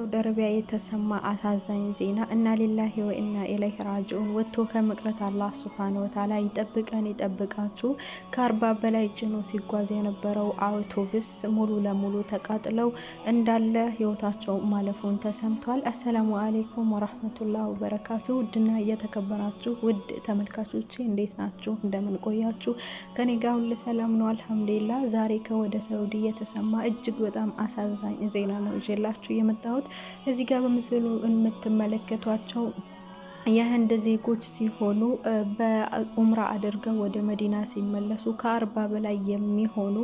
ሳውዲ አረቢያ የተሰማ አሳዛኝ ዜና እና ሊላሂ ወኢና ኢለይሂ ራጅዑን ወጥቶ ከመቅረት አላህ ሱብሃነሁ ወተዓላ ይጠብቀን ይጠብቃችሁ። ከአርባ በላይ ጭኖ ሲጓዝ የነበረው አውቶብስ ሙሉ ለሙሉ ተቃጥለው እንዳለ ህይወታቸው ማለፉን ተሰምቷል። አሰላሙ አሌይኩም ወራህመቱላህ ወበረካቱ። ውድና እየተከበራችሁ ውድ ተመልካቾቼ እንዴት ናችሁ? እንደምን ቆያችሁ? ከኔ ጋር ሁሉ ሰላም ነው አልሐምዱሊላህ። ዛሬ ከወደ ሳውዲ የተሰማ እጅግ በጣም አሳዛኝ ዜና ነው ይዤላችሁ የመጣሁት እዚህ ጋር በምስሉ የምትመለከቷቸው የህንድ ዜጎች ሲሆኑ በኡምራ አድርገው ወደ መዲና ሲመለሱ ከአርባ በላይ የሚሆኑ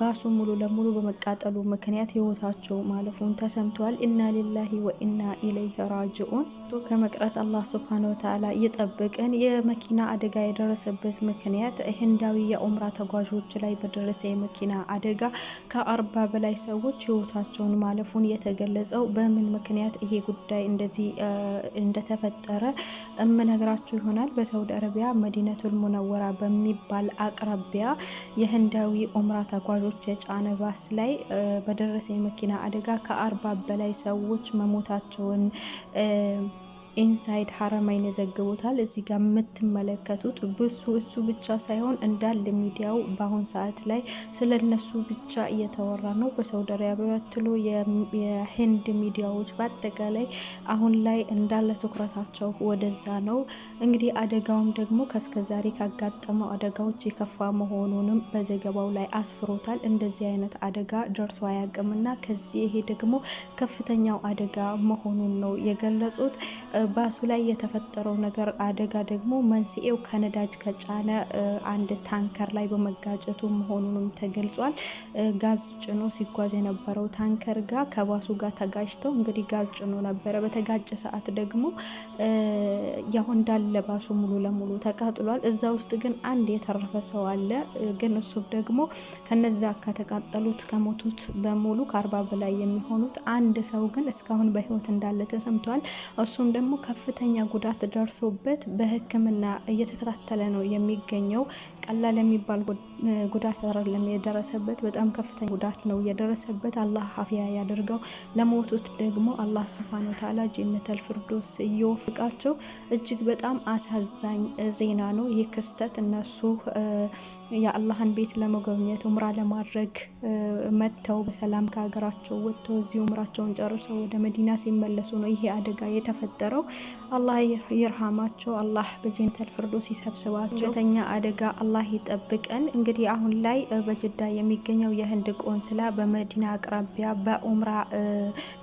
ባሱ ሙሉ ለሙሉ በመቃጠሉ ምክንያት ህይወታቸው ማለፉን ተሰምተዋል። ኢና ሊላሂ ወኢና ኢለይህ ራጅኡን። ከመቅረት አላህ ስብሃነ ወተዓላ ይጠብቀን። የመኪና አደጋ የደረሰበት ምክንያት ህንዳዊ የኡምራ ተጓዦች ላይ በደረሰ የመኪና አደጋ ከአርባ በላይ ሰዎች ህይወታቸውን ማለፉን የተገለጸው በምን ምክንያት ይሄ ጉዳይ እንደዚህ እንደተፈ እንደተፈጠረ እምነግራችሁ ይሆናል። በሳውዲ አረቢያ መዲነቱል ሙነወራ በሚባል አቅራቢያ የህንዳዊ ኡምራ ተጓዦች የጫነ ባስ ላይ በደረሰ የመኪና አደጋ ከአርባ በላይ ሰዎች መሞታቸውን ኢንሳይድ ሀረማይን ዘግቦታል። እዚህ ጋር የምትመለከቱት ብሱ እሱ ብቻ ሳይሆን እንዳለ ሚዲያው በአሁን ሰዓት ላይ ስለ እነሱ ብቻ እየተወራ ነው። በሳውዲ አረቢያ ትሎ የህንድ ሚዲያዎች በአጠቃላይ አሁን ላይ እንዳለ ትኩረታቸው ወደዛ ነው። እንግዲህ አደጋውም ደግሞ ከስከዛሬ ካጋጠመው አደጋዎች የከፋ መሆኑንም በዘገባው ላይ አስፍሮታል። እንደዚህ አይነት አደጋ ደርሶ አያውቅምና ከዚህ ይሄ ደግሞ ከፍተኛው አደጋ መሆኑን ነው የገለጹት። ባሱ ላይ የተፈጠረው ነገር አደጋ ደግሞ መንስኤው ከነዳጅ ከጫነ አንድ ታንከር ላይ በመጋጨቱ መሆኑንም ተገልጿል። ጋዝ ጭኖ ሲጓዝ የነበረው ታንከር ጋር ከባሱ ጋር ተጋጭተው እንግዲህ ጋዝ ጭኖ ነበረ። በተጋጨ ሰዓት ደግሞ ያው እንዳለ ባሱ ሙሉ ለሙሉ ተቃጥሏል። እዛ ውስጥ ግን አንድ የተረፈ ሰው አለ። ግን እሱ ደግሞ ከነዛ ከተቃጠሉት ከሞቱት በሙሉ ከአርባ በላይ የሚሆኑት አንድ ሰው ግን እስካሁን በህይወት እንዳለ ተሰምቷል። እሱም ደግሞ ከፍተኛ ጉዳት ደርሶበት በሕክምና እየተከታተለ ነው የሚገኘው። ቀላል የሚባል ጉዳት አይደለም የደረሰበት፣ በጣም ከፍተኛ ጉዳት ነው የደረሰበት። አላህ አፍያ ያደርገው። ለሞቱት ደግሞ አላህ ስብሃነ ወተዓላ ጀነተል ፊርዶስ እየወፍቃቸው። እጅግ በጣም አሳዛኝ ዜና ነው ይህ ክስተት። እነሱ የአላህን ቤት ለመጎብኘት ኡምራ ለማድረግ መጥተው በሰላም ከሀገራቸው ወጥተው እዚህ ኡምራቸውን ጨርሰው ወደ መዲና ሲመለሱ ነው ይሄ አደጋ የተፈጠረው። አላህ ይርሃማቸው። አላህ በጀነተል ፊርዶስ ይሰብስባቸው። ተኛ አደጋ አላህ ይጠብቀን። እንግዲህ አሁን ላይ በጅዳ የሚገኘው የህንድ ቆንስላ በመዲና አቅራቢያ በኡምራ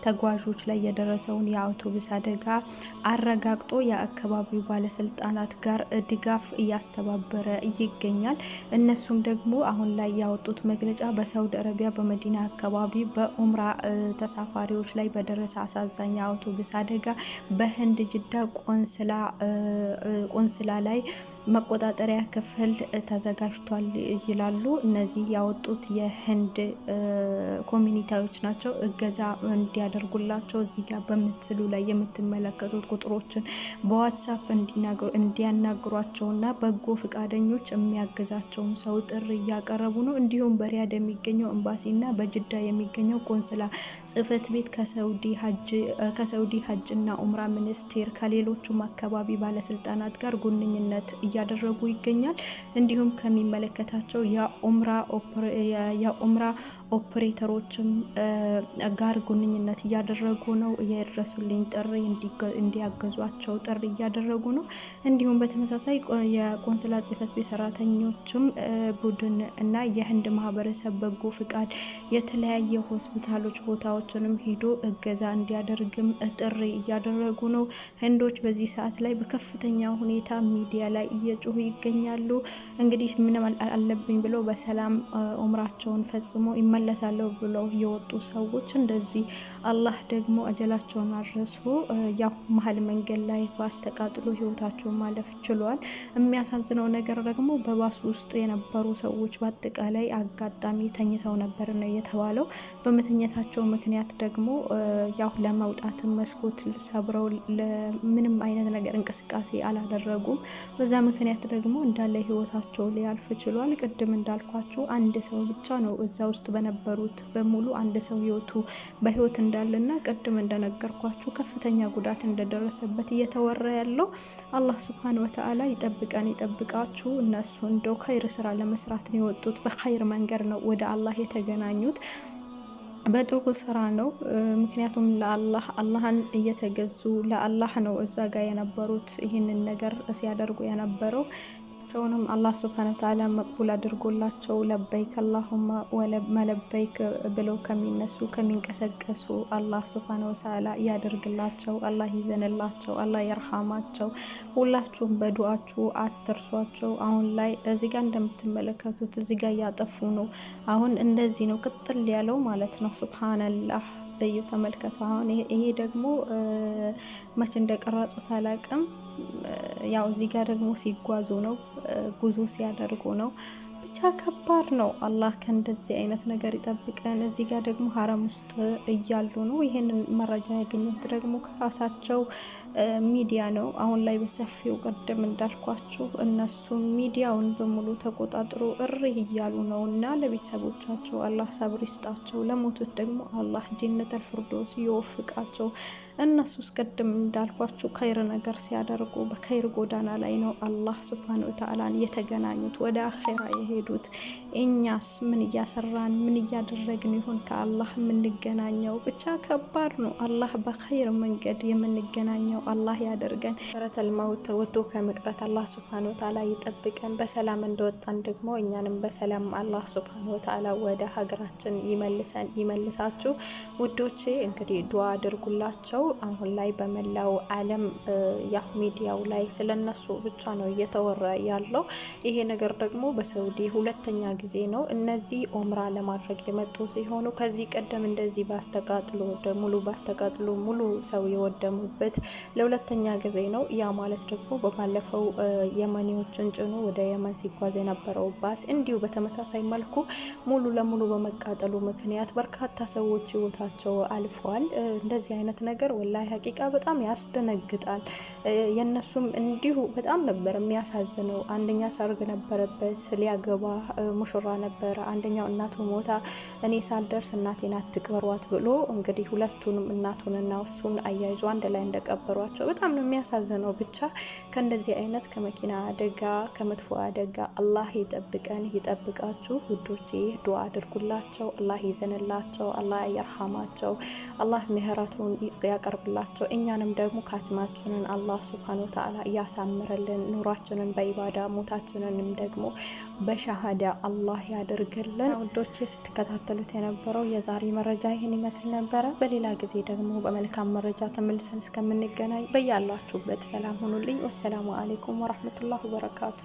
ተጓዦች ላይ የደረሰውን የአውቶቡስ አደጋ አረጋግጦ የአካባቢው ባለስልጣናት ጋር ድጋፍ እያስተባበረ ይገኛል። እነሱም ደግሞ አሁን ላይ ያወጡት መግለጫ በሳውዲ አረቢያ በመዲና አካባቢ በኡምራ ተሳፋሪዎች ላይ በደረሰ አሳዛኝ የአውቶቡስ አደጋ በህንድ ጅዳ ቆንስላ ላይ መቆጣጠሪያ ክፍል ተዘጋጅቷል ይላሉ። እነዚህ ያወጡት የህንድ ኮሚኒቲዎች ናቸው። እገዛ እንዲያደርጉላቸው እዚህ ጋር በምስሉ ላይ የምትመለከቱት ቁጥሮችን በዋትሳፕ እንዲያናግሯቸውና በጎ ፈቃደኞች የሚያግዛቸውን ሰው ጥሪ እያቀረቡ ነው። እንዲሁም በሪያድ የሚገኘው ኤምባሲና በጅዳ የሚገኘው ቆንስላ ጽህፈት ቤት ከሰውዲ ሀጅና ኡምራ ሚኒስቴር ከሌሎቹም አካባቢ ባለስልጣናት ጋር ግንኙነት እያደረጉ ይገኛል። እንዲሁም ከሚመለከታቸው የኡምራ ኦፕሬተሮችም ጋር ግንኙነት እያደረጉ ነው። የደረሱልኝ ጥሪ እንዲያገዟቸው ጥሪ እያደረጉ ነው። እንዲሁም በተመሳሳይ የቆንስላ ጽህፈት ቤት ሰራተኞችም ቡድን እና የህንድ ማህበረሰብ በጎ ፍቃድ የተለያየ ሆስፒታሎች ቦታዎችንም ሂዶ እገዛ እንዲያደርግም ጥሪ እያደረጉ ነው። ህንዶች በዚህ ሰዓት ላይ በከፍተኛ ሁኔታ ሚዲያ ላይ እየጮሁ ይገኛሉ። እንግዲህ ምንም አለብኝ ብለው በሰላም ኦምራቸውን ፈጽሞ እመለሳለሁ ብለው የወጡ ሰዎች እንደዚህ አላህ ደግሞ አጀላቸውን አድረሱ። ያው መሀል መንገድ ላይ ባስ ተቃጥሎ ህይወታቸው ማለፍ ችሏል። የሚያሳዝነው ነገር ደግሞ በባስ ውስጥ የነበሩ ሰዎች በአጠቃላይ አጋጣሚ ተኝተው ነበር ነው የተባለው። በመተኘታቸው ምክንያት ደግሞ ያው ለመውጣት መስኮት ሰብረው ምንም አይነት ነገር እንቅስቃሴ አላደረጉም። በዛ ምክንያት ደግሞ እንዳለ ህይወታቸው ሊያልፍ ችሏል። ቅድም እንዳልኳቸው አንድ ሰው ብቻ ነው እዛ ውስጥ በነበ የነበሩት በሙሉ አንድ ሰው ህይወቱ በህይወት እንዳለና ቅድም እንደነገርኳችሁ ከፍተኛ ጉዳት እንደደረሰበት እየተወራ ያለው አላህ ስብሃነ ወተዓላ ይጠብቀን፣ ይጠብቃችሁ። እነሱ እንደው ኸይር ስራ ለመስራት ነው የወጡት። በኸይር መንገድ ነው ወደ አላህ የተገናኙት በጥሩ ስራ ነው። ምክንያቱም ለአላህ አላህን እየተገዙ ለአላህ ነው እዛ ጋር የነበሩት ይህንን ነገር ሲያደርጉ የነበረው ዱዓቸውንም አላህ ስብሐነ ወተዓላ መቅቡል አድርጎላቸው ለበይክ አላሁማ ወመለበይክ ብለው ከሚነሱ ከሚንቀሰቀሱ አላህ ስብሐነ ወተዓላ ያደርግላቸው፣ አላህ ይዘንላቸው፣ አላህ የርሃማቸው። ሁላችሁም በዱዓችሁ አትርሷቸው። አሁን ላይ እዚህ ጋር እንደምትመለከቱት እዚህ ጋር እያጠፉ ነው። አሁን እንደዚህ ነው ቅጥል ያለው ማለት ነው። ሱብሃነላህ እየተመልከቱ አሁን ይሄ ደግሞ መቼ እንደቀረጹት አላቅም። ያው እዚህ ጋር ደግሞ ሲጓዙ ነው፣ ጉዞ ሲያደርጉ ነው። ብቻ ከባድ ነው። አላህ ከእንደዚህ አይነት ነገር ይጠብቀን። እዚህ ጋር ደግሞ ሀረም ውስጥ እያሉ ነው ይህን መረጃ ያገኘሁት ደግሞ ከራሳቸው ሚዲያ ነው። አሁን ላይ በሰፊው ቅድም እንዳልኳችሁ እነሱ ሚዲያውን በሙሉ ተቆጣጥሮ እር እያሉ ነው እና ለቤተሰቦቻቸው አላህ ሰብር ይስጣቸው፣ ለሞቱት ደግሞ አላህ ጀነተል አልፍርዶስ ይወፍቃቸው። እነሱ ቅድም እንዳልኳችሁ ከይር ነገር ሲያደርጉ በከይር ጎዳና ላይ ነው አላህ ሱብሃነ ወተዓላን የተገናኙት ወደ አኼራ የሄዱ የሚሄዱት? እኛስ ምን እያሰራን ምን እያደረግን ይሆን ከአላህ የምንገናኘው? ብቻ ከባድ ነው። አላህ በኸይር መንገድ የምንገናኘው አላህ ያደርገን። ሰረተል መውት ወጥቶ ከመቅረት አላህ ስብሃነ ወተዓላ ይጠብቀን። በሰላም እንደወጣን ደግሞ እኛንም በሰላም አላህ ስብሃነ ወተዓላ ወደ ሀገራችን ይመልሰን ይመልሳችሁ። ውዶቼ እንግዲህ ዱዓ አድርጉላቸው። አሁን ላይ በመላው ዓለም ያሁ ሚዲያው ላይ ስለነሱ ብቻ ነው እየተወራ ያለው። ይሄ ነገር ደግሞ በሰውዲ ሁለተኛ ጊዜ ነው። እነዚህ ኦምራ ለማድረግ የመጡ ሲሆኑ ከዚህ ቀደም እንደዚህ ባስተቃጥሎ ሙሉ ባስተቃጥሎ ሙሉ ሰው የወደሙበት ለሁለተኛ ጊዜ ነው። ያ ማለት ደግሞ በባለፈው የመኔዎችን ጭኖ ወደ የመን ሲጓዝ የነበረው ባስ እንዲሁ በተመሳሳይ መልኩ ሙሉ ለሙሉ በመቃጠሉ ምክንያት በርካታ ሰዎች ህይወታቸው አልፈዋል። እንደዚህ አይነት ነገር ወላሂ ሀቂቃ በጣም ያስደነግጣል። የነሱም እንዲሁ በጣም ነበር የሚያሳዝነው። አንደኛ ሰርግ ነበረበት ሊያገቡ አበባ ሙሽራ ነበረ። አንደኛው እናቱ ሞታ እኔ ሳልደርስ እናቴን አትቅበሯት ብሎ እንግዲህ ሁለቱንም እናቱንና እሱን አያይዞ አንድ ላይ እንደቀበሯቸው በጣም ነው የሚያሳዝነው። ብቻ ከእንደዚህ አይነት ከመኪና አደጋ ከመጥፎ አደጋ አላህ ይጠብቀን ይጠብቃችሁ። ውዶቼ ዱዓ አድርጉላቸው። አላህ ይዘንላቸው፣ አላህ ያርሃማቸው፣ አላህ ምህረቱን ያቀርብላቸው። እኛንም ደግሞ ካትማችንን አላህ ሱብሃነ ወተዓላ እያሳምረልን ኑሯችንን በኢባዳ ሞታችንንም ደግሞ በሻ ሻሃዳ አላህ ያድርግልን። ውዶች ስትከታተሉት የነበረው የዛሬ መረጃ ይህን ይመስል ነበረ። በሌላ ጊዜ ደግሞ በመልካም መረጃ ተመልሰን እስከምንገናኝ በያላችሁበት ሰላም ሁኑልኝ። ወሰላሙ አሌይኩም ወረህመቱላህ ወበረካቱ።